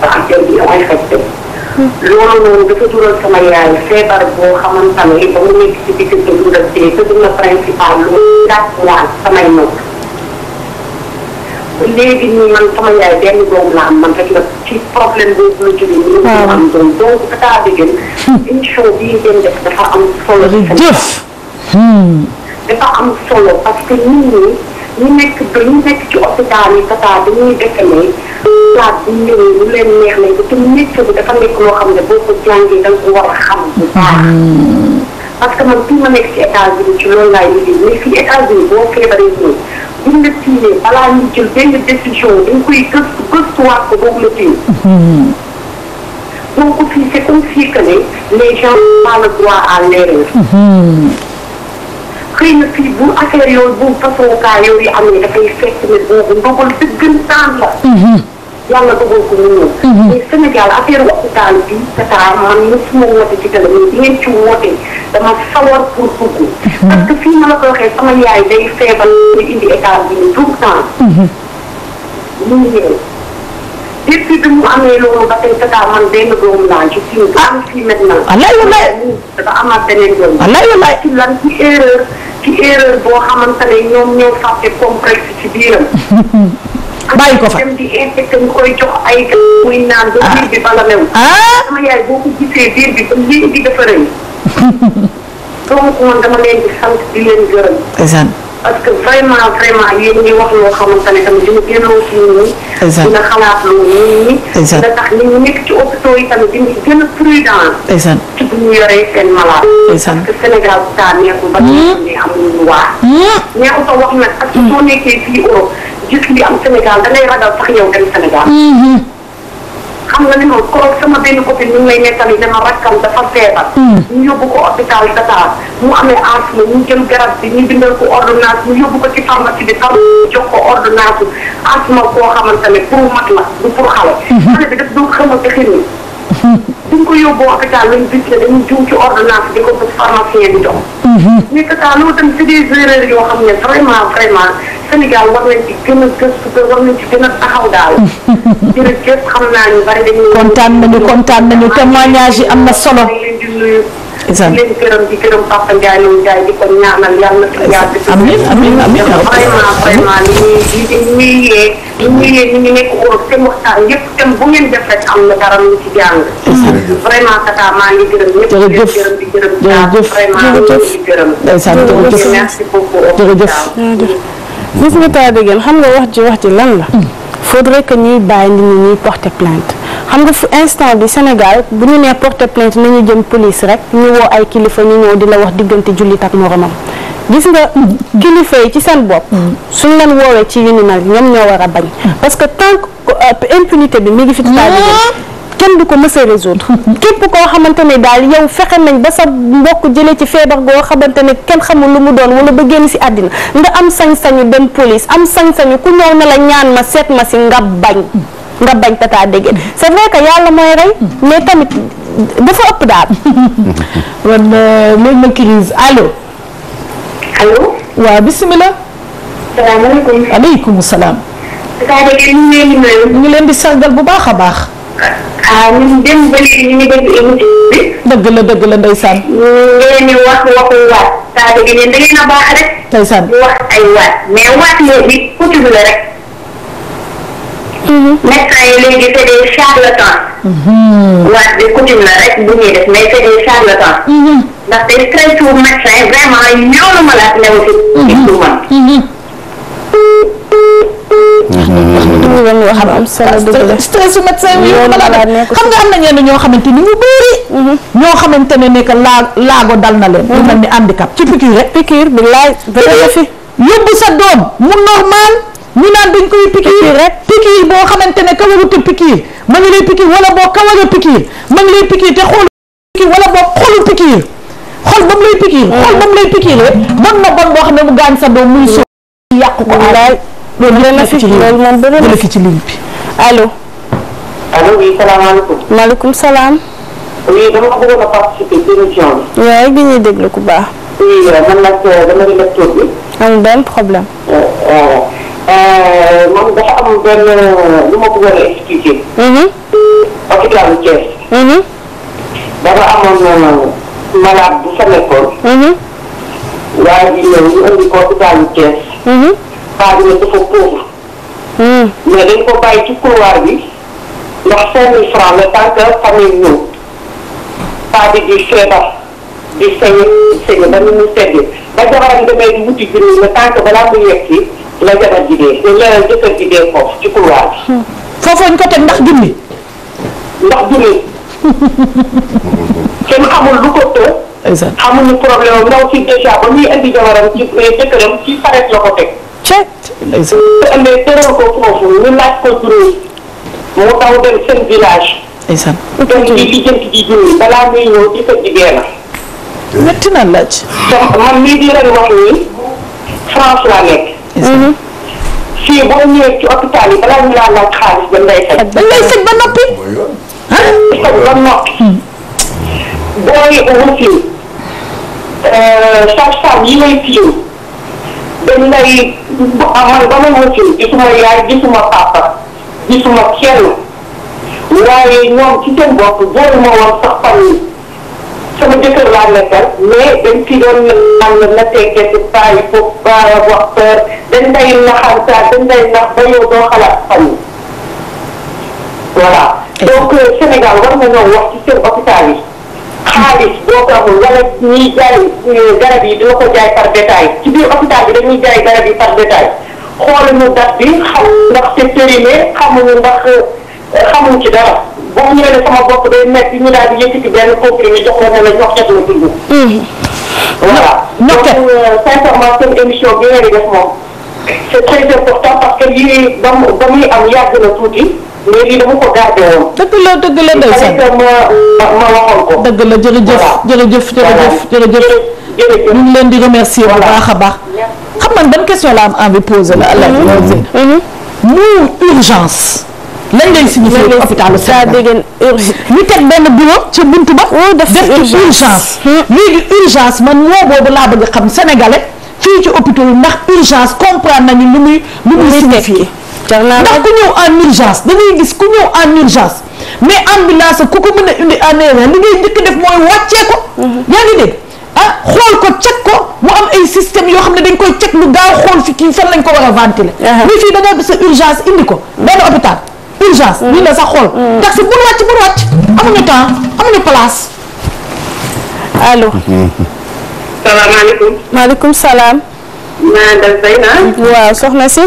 S1: affaire bi amay fekk. loolu noonu dafa jural sama yaay feebar boo xamante ne ba mu nekk ci diggante dund ak samay nopp. léegi nii man sama yaay benn doom la am man rek la ci problème boobu la jógee. waaw mënul am doom donc Tata Gueye. émission bii ngeen def dafa am solo. jëf. Hmm. dafa am solo parce que nit ñi ñu nekk ba ñu nekk ci hôpital yi Tata dañuy defe ne place bu ñëwee lu leen neex nañ ko te métier bi dafa nekk loo xam ne boo ko jàngee da nga ko war a xam bu baax. Hmm. parce que man fii ma nekk ci États-Unis ci loolu laay liggéey mais fii États-Unis boo feebaree ñëw. investiguer balaa ñu jël benn décision dañ koy gëstu gëstuwaat ko boobu la téye. donc fii c'est comme si que ne les gens à l'erreur. xëy na fii bu affaire bu façon cas yooyu amee dafay fekk ne boobu ndogal dëggantaan la. yàlla dogal ko mu ñëw. Mhm. mais Sénégal affaire hôpital bi Tata man mosuma woote ci télé di ngeen ci woote dama sawar pour dugg. Mhm. parce que fii ma la ko waxee sama yaay day feebar ñu indi état bi tout le temps. Mhm. mu bi mu amee ba tey Tata man benn doom laa ci fii am fii maintenant. wallaay wallaay dafa amaat beneen doom. wallaay wallaay ci lan ci erreur ci erreur boo xamante ne ñoom ñoo fàtte complexe ci biiram. bàyyi ko fa. dem di infecté ñu koy jox ay muy naan ba biir bi bala mew. a ah. ah. sama yaay boo ko gisee biir bi ba lii bi dafa rëy. donc man dama leen di sant di leen gërëm. ndeysaan. parce que vraiment vraiment yéen ñi wax loo xamante ne tamit dina gënoo ci nit ñi. dina xalaat lu nit ñi. dina tax nit ñi nekk a prudent. ci bu ñu hmm. hmm. wax nag ak soo nekkee fii Europe. gis li am Sénégal da ngay ragal sax yow dem Sénégal. Mhm. xam nga ni moom koo sama benn copine ñu ngi lay nettali dama rakkal dafa feebar. Mhm. ñu yóbbu ko hôpital Dakar mu amee asthme ñu jël garab bi ñu bindal ko ordonnance mu yóbbu ko ci pharmacie bi pharmacie bi jox ko ordonnance asthme koo xamante ne pour mat la du pour xale. Mhm. xale bi daf du xam a xir ni. duñ ko yo hôpital lañ gis ne dañu jiw ci ordonnance bi ko bu pharmacien bi jox. mais que ça loolu tamit c'est des erreurs yoo xam vraiment. Sénégal war nañ ci gën a gëstu te war nañ ci gën a taxaw daal. jërëjëf xam naa ñu bari dañuy. kontaan nañu kontaan nañu témoignage yi am na solo. isaan leen gërëm di gërëm Papa Ndiaye Loum Ndiaye di ko ñaanal yàlla na fi yàgg. amiin amiin amiin vraiment vraiment li ñuy li ñuy yee. li ñuy yee ñu ngi nekk Europe seen waxtaan yëpp thème bu ngeen def rek am na dara lu ci jàng. vraiment tata maa ngi gërëm ñëpp. jërëjëf jërëjëf di gërëm di gërëm. jërëjëf vraiment ñu ngi gërëm. jërëjëf merci beaucoup. jërëjëf. gis nga taa dégg xam nga wax ji wax ji lan la. Mm. faudrait que ñuy bàyyi nit ñi ñuy porter plainte xam nga fu instant bi Sénégal bu ñu nee porter plainte nañu jëm police rek ñu woo ay kilifa ñu ñëw di la wax diggante jullit ak moromam. gis nga mm. kilifa yi ci seen bopp. Mm. suñ leen woowee ci yu ni mel ñoom ñoo war a bañ. parce que tant euh, impunité bi mi ngi fi taa kenn du ko mës a résoudre képp koo xamante ne daal yow fexe nañ ba sa mbokk jëlee ci feebar goo xamante ne kenn xamul lu mu doon wala ba génn si àddina nga am sañ-sañu dem police am sañ-sañu ku ñëw na la ñaan ma seet ma si nga bañ nga bañ tata dégg c'est vrai que yàlla mooy rey mais tamit dafa ëpp daal wan euh, même ma crise allo allo waaw bisimilah salaamaaleykum aleykum salaam tata dégg ñu ngi leen di sargal bu baax a baax ah ñun dem ba ñu ngi dégg émission bi. dëgg la dëgg la ngeen di wax waxu waat. saa dëgg ngeen da ngeen a baax rek. ndeysaan wax ay waat mais waat yooyu coutume la rek. Mhm. médecins yi léegi c'est des charlatans. Mhm. waat bi coutume la rek bu ñuy def mais c'est des charlatans. Mhm. ndax tey très souvent médecin vraiment ñëw na malade néew si. ci xam am solo dëgg la stress su médecin bi xam nga am na ñenn ñoo xamante ni ñu bëri. Mhm. ñoo xamante ne nekk laa laago dal na leen. lu mhm. mel ni handicap ci piqûre rek. piqûre bi laaj bëri yóbbu sa doom mu normal ñu naan dañ koy piqûre rek piqûre boo xamante ne kawaruta piqûre ma ngi lay piqûre wala boo kawara piqûre ma ngi lay piqûre te xoolu piqûre wala boo xolu piqûre xol ba mu lay piqûre xol ba mu lay piqûre rek bon na boo xam ne mu gaañ sa doom loolu yëpp na fi ci loolu fi ci ligne bi allo. allo oui salaamaaleykum. maaleykum salaam. oui dama bëggoon a participer ci émission bi. waaye bi ñuy paa bi nag dafa pauvre. Hmm. mais ko bàyyi ci couloir bi ndax 5000 francs le temps que famille ñëw paa bi di feebar di sañ sañ ba nu mu tëddee ba jabaram demee di wuti gën le temps que balaa mu yegg la jabar ji dee ñu leeral ji dee foofu ci couloir bi. Hmm. foofu ñu ko teg ndax junni. ndax junni. kenn xamul lu ko të. exactement xamuñu problème am ndaw si dèjà ba muy indi jabaram ci jëkkëram ci saret la ko teg. ceeb. su andee tëral ko foofu ñu laaj ko juróom mu taw dem seen village. ndeysaan dem di di jënt ji junni balaa muy ñëw di ko jigéen a. métti na laaj. man mii di leen wax nii France laa nekk. fii boo ñëwee ci hôpital yi balaa ñu laa laaj xaalis dañ lay faj. dañ lay faj ba noppi. ah faj ba noppi. booy wuti. saab saab yi lay tiim. dañ lay man ba ma muccul gisuma yaay gisuma papa gisuma kenn waaye ñoom ci seen bopp boolu ma woon sax famille sama jëkkër laa nekkal mais dañ ci doon naan la na tekkee si paa yi foofu paa wax peur dañ lay naxantaa dañ lay nax ba yow doo xalaat famille voilà donc euh, Sénégal war xaalis boo ko amul wala ñiy jaay garab yi dina ko jaay par détail ci biir hôpital bi dañuy jaay garab yi par détail xooluñu date bi xam ndax te périmé xamuñu ndax euh, xamuñ ci dara boo xam ne sama bopp day nekk ñu daal di yëkkati benn comprimé jox la ne la ñox jot la dund. Hmm. voilà donc euh, sincèrement seen émission bi nga di def moom c'est très important parce que lii ba ba muy am yàgg na mais lii dama ko gardé woon. dëgg la dëgg la day sax ma ma waxoon ko. dëgg la jërëjëf jërëjëf jërëjëf jërëjëf. jërëjëf ñu ngi leen di remercier bu baax a baax. xam man ban question la am envie poser la allah di mu urgence. lan lay signifié hôpital Sénégal ñu teg benn bureau ca buntu ba. Oh, def ci urgence mm-hmm. léegi urgence man moo boobu laa bëgg xam sénégalais fii ci hôpital ndax urgence comprendre nañu lu muy lu muy signifié ndax ku ñëw en urgence dañuy gis ku ñëw en urgence mais ambulance ku ko mën a indi en urgence li ngay njëkk def mooy wàccee ko mhm. yaa ngi dégg ah xool ko cek ko mu am ay système yoo xam ne dañ koy cek lu gaaw xool fi kii fan lañ ko war a ventiler uh-huh. mais fii da nga sa urgence indi ko mm-hmm. benn hôpital urgence lii la sa xool taxi mm-hmm. bul wàcc bul wàcc amuñu temps amuñu place allo salaamaaleykum maaleykum salaam naa dal Zeyna waaw soxna si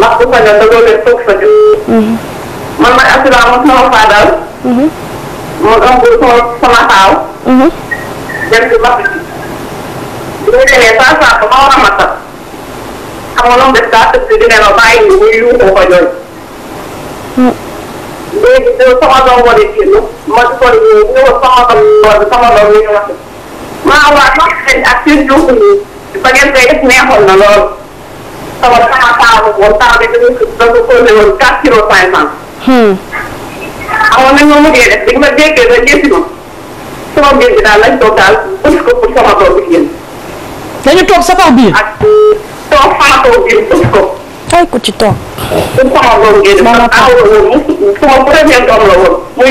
S1: ndax bu sañoon da doon leen toog sa jur. Mhm. man may accident moom sama faa dal. Mhm. mu ëmb sama sama taaw. Mhm. dem ci mbàkk ji. bu ñu demee saa saa ba ma war a matal. xam nga loolu def daa tëb si di ne ma bàyyi ñu muy yuuxu ko jooy. Mm. léegi de sama doom wane génn ma di ko ñëw sama doom loolu sama doom li ñu wax. maa waa sax xëy ak seen yuuxu yi ba ngeen koy def neexoon na lool. tawal sama taawu woon taw bi dañuy dafa posé woon 4 kilos 500. Hmm. amoon nañ ma mujjee def bi ma déggee ba njëkk ma sama biir bi daal lañ toog daal bëgg ko pour sama tool bi génn. dañu toog sa kaw biir. ak toog sama kaw ko. ci toog. pour sama doom génn. ma la taw woon sama premier doom la woon. muy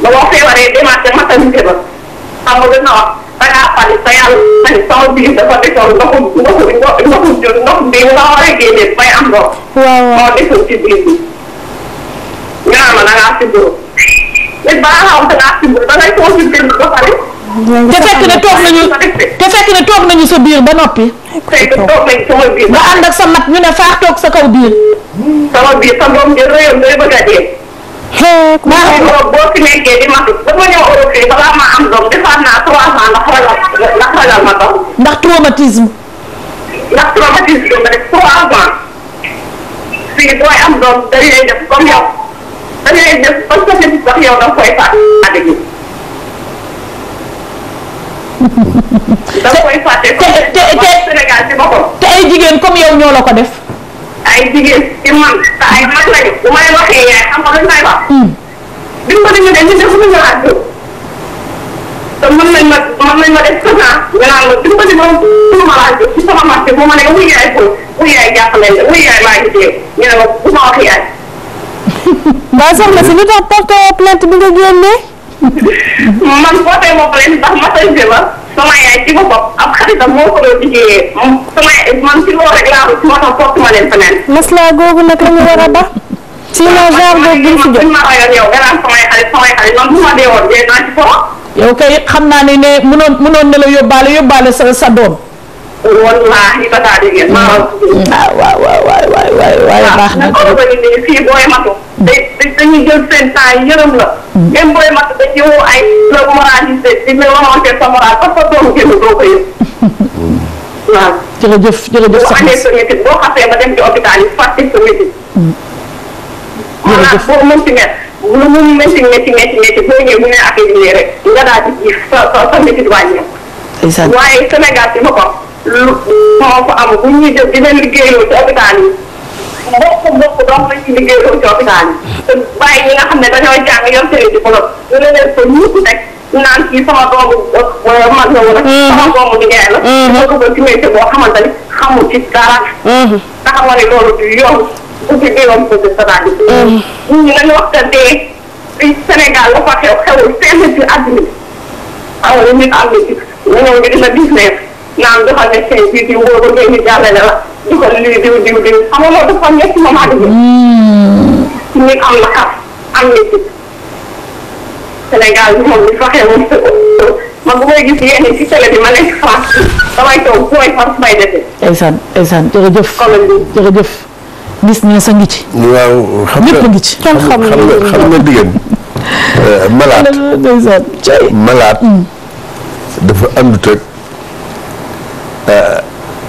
S2: ba a feebaree démarché
S1: maternité ba xam nga dina wax da ngaa fali sa yàlla man sama biir dafa desoon a ma da ngaa sibbiru. nit ba nga xam da ngaa na toog nañu te fekk sa biir ba noppi. fekk toog nañu sama biir. nga ànd ak mat ñu ne faax toog sa kaw biir. sama biir sa doom bi rëyam day bëgg a dee. maa ngi Europe boo fi nekkee di matu dafa ñëw Europe fii balaa maa am doom defaat naa trois ans ndax ragal ndax ragal ma doom. ndax traumatisme. ndax traumatisme ma def trois ans fii booy am doom dañ lay def comme yow dañ da nga koy faat ànd gi. da nga koy fàtte te te te te ay jigéen comme yow ñoo la ko def. ay jigéen ci man te ay mag lañu bu may waxee yaay xam nga lu may wax. Hmm. dimbali ñu dañuy def suñu rajo te mën nañ ma mën nañ ma def présent nga naan ma dimbali ma suñu ma rajo ci sama marché bu ma ne wuy yaay ko wuy yaay jàppale la wuy yaay maa ngi dégg ñu ne ma bu ma wax yaay. mbaa soxna si lu tax porte plainte bi nga génnee. man foote bopp leen ndax massage ba sama yaay ci ma bopp ab xaritam moo ko doon liggéeyee sama yaay man ci loolu rek laa moo tax porte ma leen feneen. maslaa googu nag la ñu war a ba. ci ma genre boobu duñ fi jot ma rayoon yow gannaaw samay xarit samay xarit man bu ma dee woon dee naa ci foro. yow kay xam naa ne ne mënoon mënoon na la yóbbaale yóbbaale sa sa doom. wallaahi ba taa dégg ngeen. Mm.
S3: Ah, waaw waaw waaw waaw waaw waaw baax
S1: na. waaw naka la ko day dañuy jël seen temps la. Mm. même booy da ci woo ay la moralisé la waxante sa moral parce a doomu génn doo ko yëg. Mm. waaw. jërëjëf jërëjëf soxna si boo amee sa métit boo xasee ba dem ci hôpital yi fàtte sa métit. Mm. jërëjëf maanaam boo mënti mett lu mu métti métti métti métti boo ñëwee mu ne affaire yi rek nga daal di ji sa sa sa waaye Sénégal ci boppam lu moo fa am bu ñuy jël di leen liggéeyaloo ci hôpital yi. mbokk mbokk donc lañ ci liggéey loolu ci hôpital yi te bàyyi ñi nga xam ne dañoo jàng yor seen diplôme ñu ne leen ko ñëpp rek naan kii sama doomu mag la wala mm-hmm. sama doomu liggéey la mm-hmm. dafa dugal ci métier boo xamante ni xamul ci dara taxawa mm-hmm. ne loolu du yoon ku ci déewam ko sa daal di ñu ñu nañu waxtantee Sénégal la fa xew xewul fenn ci àddina bi xaw na nit am na ci ñëw ngi dina dix neuf naan joxal ne seen biir bi boo bëggee ñu jàllale la joxal lii diw diw diw xam nga loolu dafa nekk moment bi. ci hmm. nit am na xar am na ci Sénégal bi moom li waxee moom man bu may gis yéen ci télé bi ma nekk France damay toog booy far may defee. ndeysaan ndeysaan jërëjëf. jërëjëf.
S3: gis ne sa ngi ci. waaw xam nga lépp ngi ci. kenn xam nga xam nga diggéen malaat euh, malaat hmm. dafa àndut ak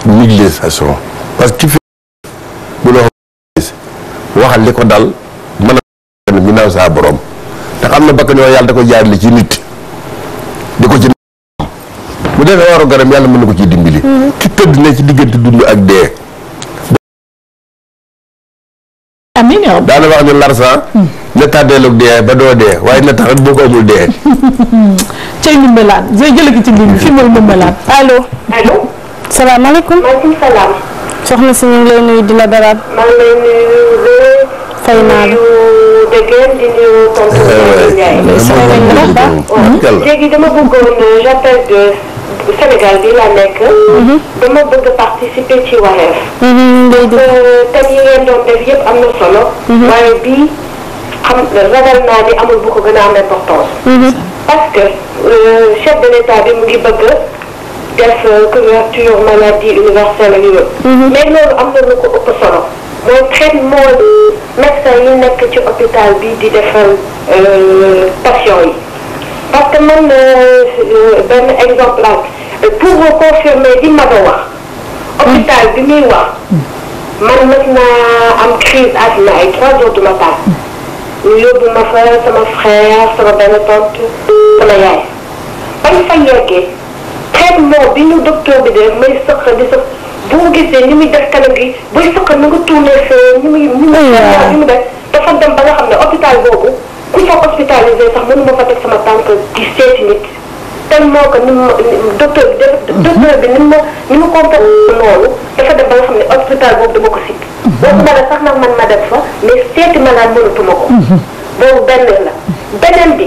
S3: négligation euh, parce waxal li ko dal mën a ginnaaw saa borom ndax am na bakkan yoo da ko jaarale ci nit di ko ci bu yàlla mën na ko ci dimbali mm-hmm. ki tëdd ne ci diggante dund ak dee daana wax ñu larsan na tàddeelug dee ba doo dee waaye na taxat boo ko amul dee
S1: cay numbelaan sooy jële ko ci ligne bi fi mooy salaamaaleykum. maaleykum salaam. soxna si ñu ngi lay nuyu di la dalal. maa ngi lay nuyu Leye. fay naa la nuyu Degene di nuyu tonton Ndiaye. léegi dama bëggoon euh, j'appelle de Sénégal bi laa nekk. Mhm. dama bëgg participer ci Wareef. Mhm, ngay dégg euh, thèmes yi ngeen doon def yëpp am na solo. Mhm. waaye bii xam ragal naa ni amul bu ko gën a am importance. parce que euh, chef de l'État bi mu ngi bëgg. def couverture maladie universelle ak yooyu. Mhm. am na lu ko ëpp solo. mooy traitement bi médecin nekk ci hôpital bi di defal euh, patient yi. parce que man euh, euh, benn exemple la pour vous confirmer li ma doon wax. Mhm. bi muy wax. man mës am crise asthme ay 3 jours du matin. ñu yóbbu ma fa sama frère sama benn tante yaay. bañ fa traitement bi ñu docteur bi de may sëq di sëq boo gisee ni muy def kanam gi buy sëq na nga tourné fee ni muy ni muy ni mu def dafa dem ba nga xam ne hôpital boobu ku fa hospitalisé sax mënu ma fa teg sama tànk di seeti nit tellement que ni ma docteur bi mhm. docteur bi ni ma ni ma comporté loolu dafa dem ba nga xam ne hôpital boobu dama ko sikk mhm. boobu ma la sax nag man ma dem fa mais seeti malade mënatuma ko mhm. boobu benn la beneen bi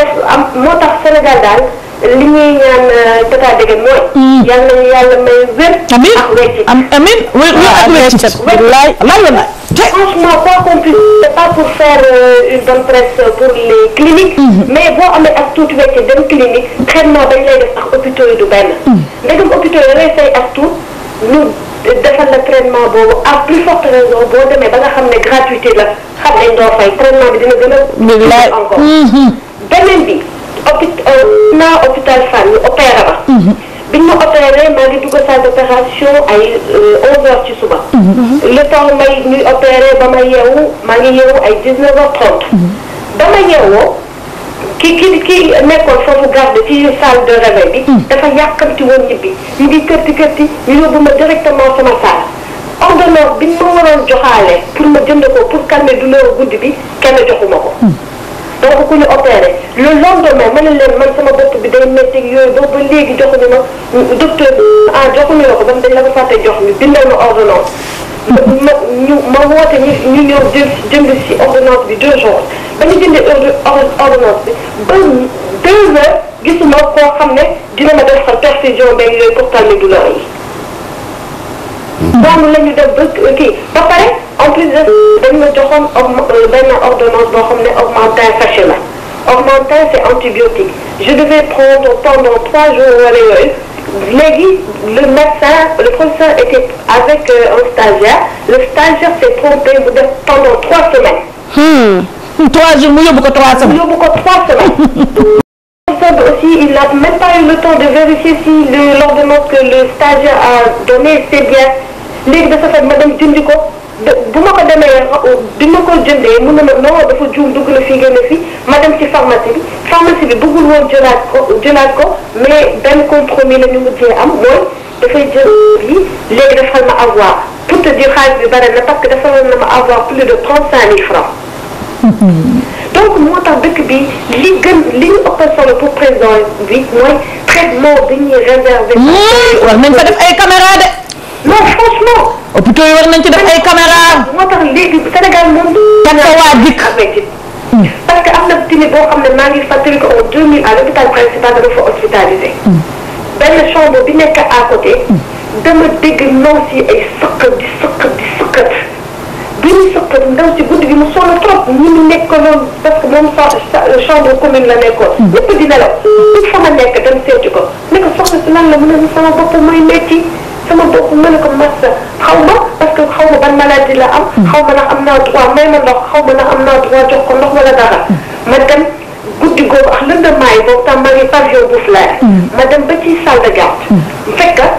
S1: def am moo tax Sénégal daal li ñuy ñaan Tata Deguene mooy. yal nañu yàlla may wér. amiin ak wéccet amiin wér ak wéccet. wallaay laay la franchement quoi qu'on puisse c'est pas pour faire une bonne presse pour les cliniques. mais boo amee ak tuuti wéccet dem clinique traitement dañ lay def ak hôpitaux yi du benn. ndegam hôpitaux yi lay fay ak tuut ñu defal la traitement boobu à plus forte raison boo demee ba nga xam ne gratuité la xam nañ doo fay traitement bi gën a. encore beneen bi. hôpital euh, naa hôpital Fann mhm. ñu opéré ma. biñ ma opéré maa ngi dugg salle d'opération ay 11h euh, ci suba. Mhm. Mhm. le temps may ñuy opéré ba ma yeewu maa ngi yeewu ay 19h30. ba ma yeewoo ki ki ki nekkoon foofu garde ci salle de réveil bi. dafa yàkkamti woon ñibbi ñu ngi kërti kërti ñu yóbbu ma directement sama salle. ordonnance biñ ma waroon joxaale pour ma jënd ko pour calmer douleur guddi bi kenn joxuma ko. donc ku ñu opéré le lendemain ma ne leen man sama bopp bi day métti yooyu ba ba léegi joxuñu ma docteur ah joxuñu la ko ba mu dañ la ko fàtte jox mi bindal ma ordonnance. ma ma ñu ma woote ñu ñu ñëw jël jënd si ordonnance bi deux jours ba ñu jëndee ordonnance bi ba deux heures gisuma koo xam ne dina ma def sa perfusion beeg yooyu pour calmer douleur yi. boobu la ñu def ba kii ba pare en plus de dañ ma euh, ordonnance boo xam ne augmentin sachet la augmentin c'est antibiotique je devais prendre pendant trois jours wala yooyu léegi le médecin le professeur était avec euh, un stagiaire le stagiaire s'est trompé bu def pendant trois semaines. Hmm. trois jours mu yóbbu ko trois semaines. mu il n'a même pas eu le temps de vérifier si l'ordonnance que le stagiaire a donnée, c'est bien léegi dafa fekk ma dem jëndi ko bu ma ko demee o ma ko jëndee mun na ma non dafa juum dugg na fii génne fii ma dem ci pharmacie bi pharmacie bi bëggul woon jëlaat ko jëlaat ko mais benn compromis la ñu mujjee am mooy dafay jël yi léegi dafal ma avoir pour te dire xaalis bi bare na parce que dafa na ma avoir plus de trente cinq mille francs hmm. donc moo tax dëkk bi li gën li ñu ëppal solo pour président bi mooy traitement bi ñuy réservé. Hmm. war nañ fa def ay caméra non franchement. hôpitaux yi war nañ ci def ay caméra. moo tax léegi Sénégal moom. daanaka waa dikk parce que am na tamit boo xam ne maa ngi fàttali ko en 2000 à l'hôpital principal da nga fa chambre bi nekk à côté. dama dégg ndaw si ay sëqat di sëqat di sëqat bi ñu sëqat ndaw si guddi gi mu sonn trop ñi mu nekkaloon parce que moom euh, chambre commune la nekkoon. Mm. ñëpp di nelaw. fi fa ma nekk dem seeti ko ne ko soxna si lan la mu ne sama bopp mooy ma bokk ma ne ko massa xaw ma parce que xaw ma ban maladie la am. Hmm. xaw ma ndax am naa droit may ma ndox xaw ma ndax am naa droit jox ko ndox wala dara. Hmm. ma dem guddi googu ak lëndamaay boobu tam ma ngi par jour bu hmm. ma dem ba ci salle de garde.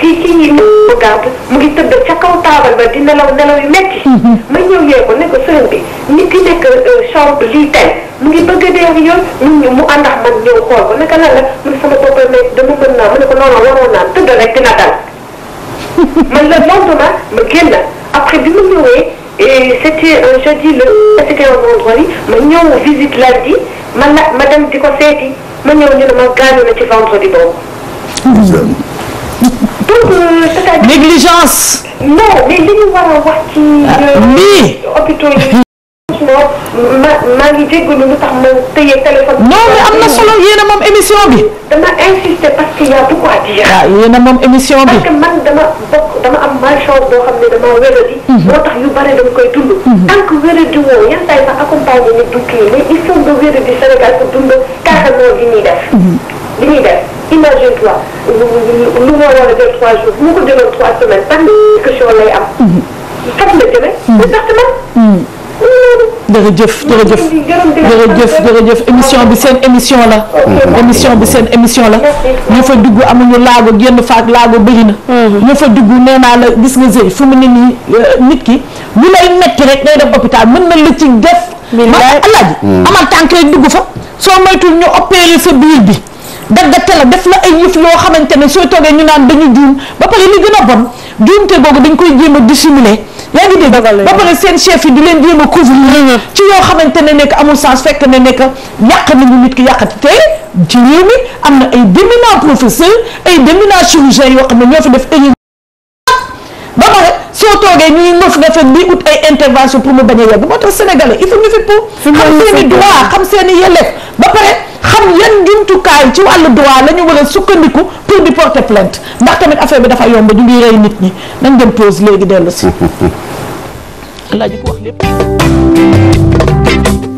S1: kii kii ñi mu gàtt mu ngi tëdd ca kaw taabal ba di nelaw nelaw yu metti mhm. ma ñëw yee ko ne ko sëriñ bi nit ki nekk euh, chambre lii tey mu ngi bëgg a dee yoon ñun mu àndax man ñëw xool ko naka lan la mun sama boppam ne dama mën naa mu ne ko noonu waroon naa tëdd rek dina dal man la lendemain après bi ma ñëwee c'était un jeudi le c'était un vendredi ma ñëw visite lundi ma la ma dem di ko seeti ma ñëw ñu ne ma gaañu na ci vendredi boobu mhm. donc euh, c'est-à-dire négligence. non mais li ñu war a wax ci. mais ngi jégalu lu tax ma tëye téléphone. non mais am na solo a moom émission bi. dama insister parce que y a beaucoup à dire. waaw ah, yéen a moom émission bi. parce que man dama bokk dama am malchance boo xam ne dama wéradi. Mhm. moo tax yu bare dama koy dund. Mhm. tant que wéradi woo yan saa yi sax accompagné nit du kii mais il faut nga wéradi Sénégal pour dund carrément li ñuy def. Mhm. li muy def imagine toi lu ma war a jël trois jours bu ma
S3: ko jëloon
S1: émission bi seen émission la. Mm-hmm. émission bi seen émission la. ñoo fa dugg amuñu laago génn faak laago bëri na. Mm-hmm. ñoo fa dugg nee naa la gis nga zëy fu mu ne euh, nit ki lu lay metti rek ngay dem hôpital mën na la ci def. ma alaaji mm. amal tànk rek fa soo moytul ñu opéré sa biir bi. daggate la def la ay yëf yoo xamante ne soo toogee ñu naan dañu juum ba pare li gën a te juumte googu dañ koy jéem a dissimuler yaa ngi dégg ba pare seen chef yi di leen jéem a couvrir ci yoo xamante ne nekk amul sens fekk ne nekk yàq nañu nit ki yàqati tey ci réew mi am na ay déminents professeur ay déminents chirurgiens yoo xam ne ñoo fi def erreur ba pare soo toogee ñuy nof nga fekk di ut ay intervention pour mu bañ a yegg moo tax sénégalais il faut ñu fi pour xam seen i droit xam seen ba pare xam yan jumtukaay ci wàllu droit la ñu war sukkandiku pour di porter plainte ndax tamit affaire bi dafa yomb ñu ngi rey nit ñi nañ dem pause léegi dellu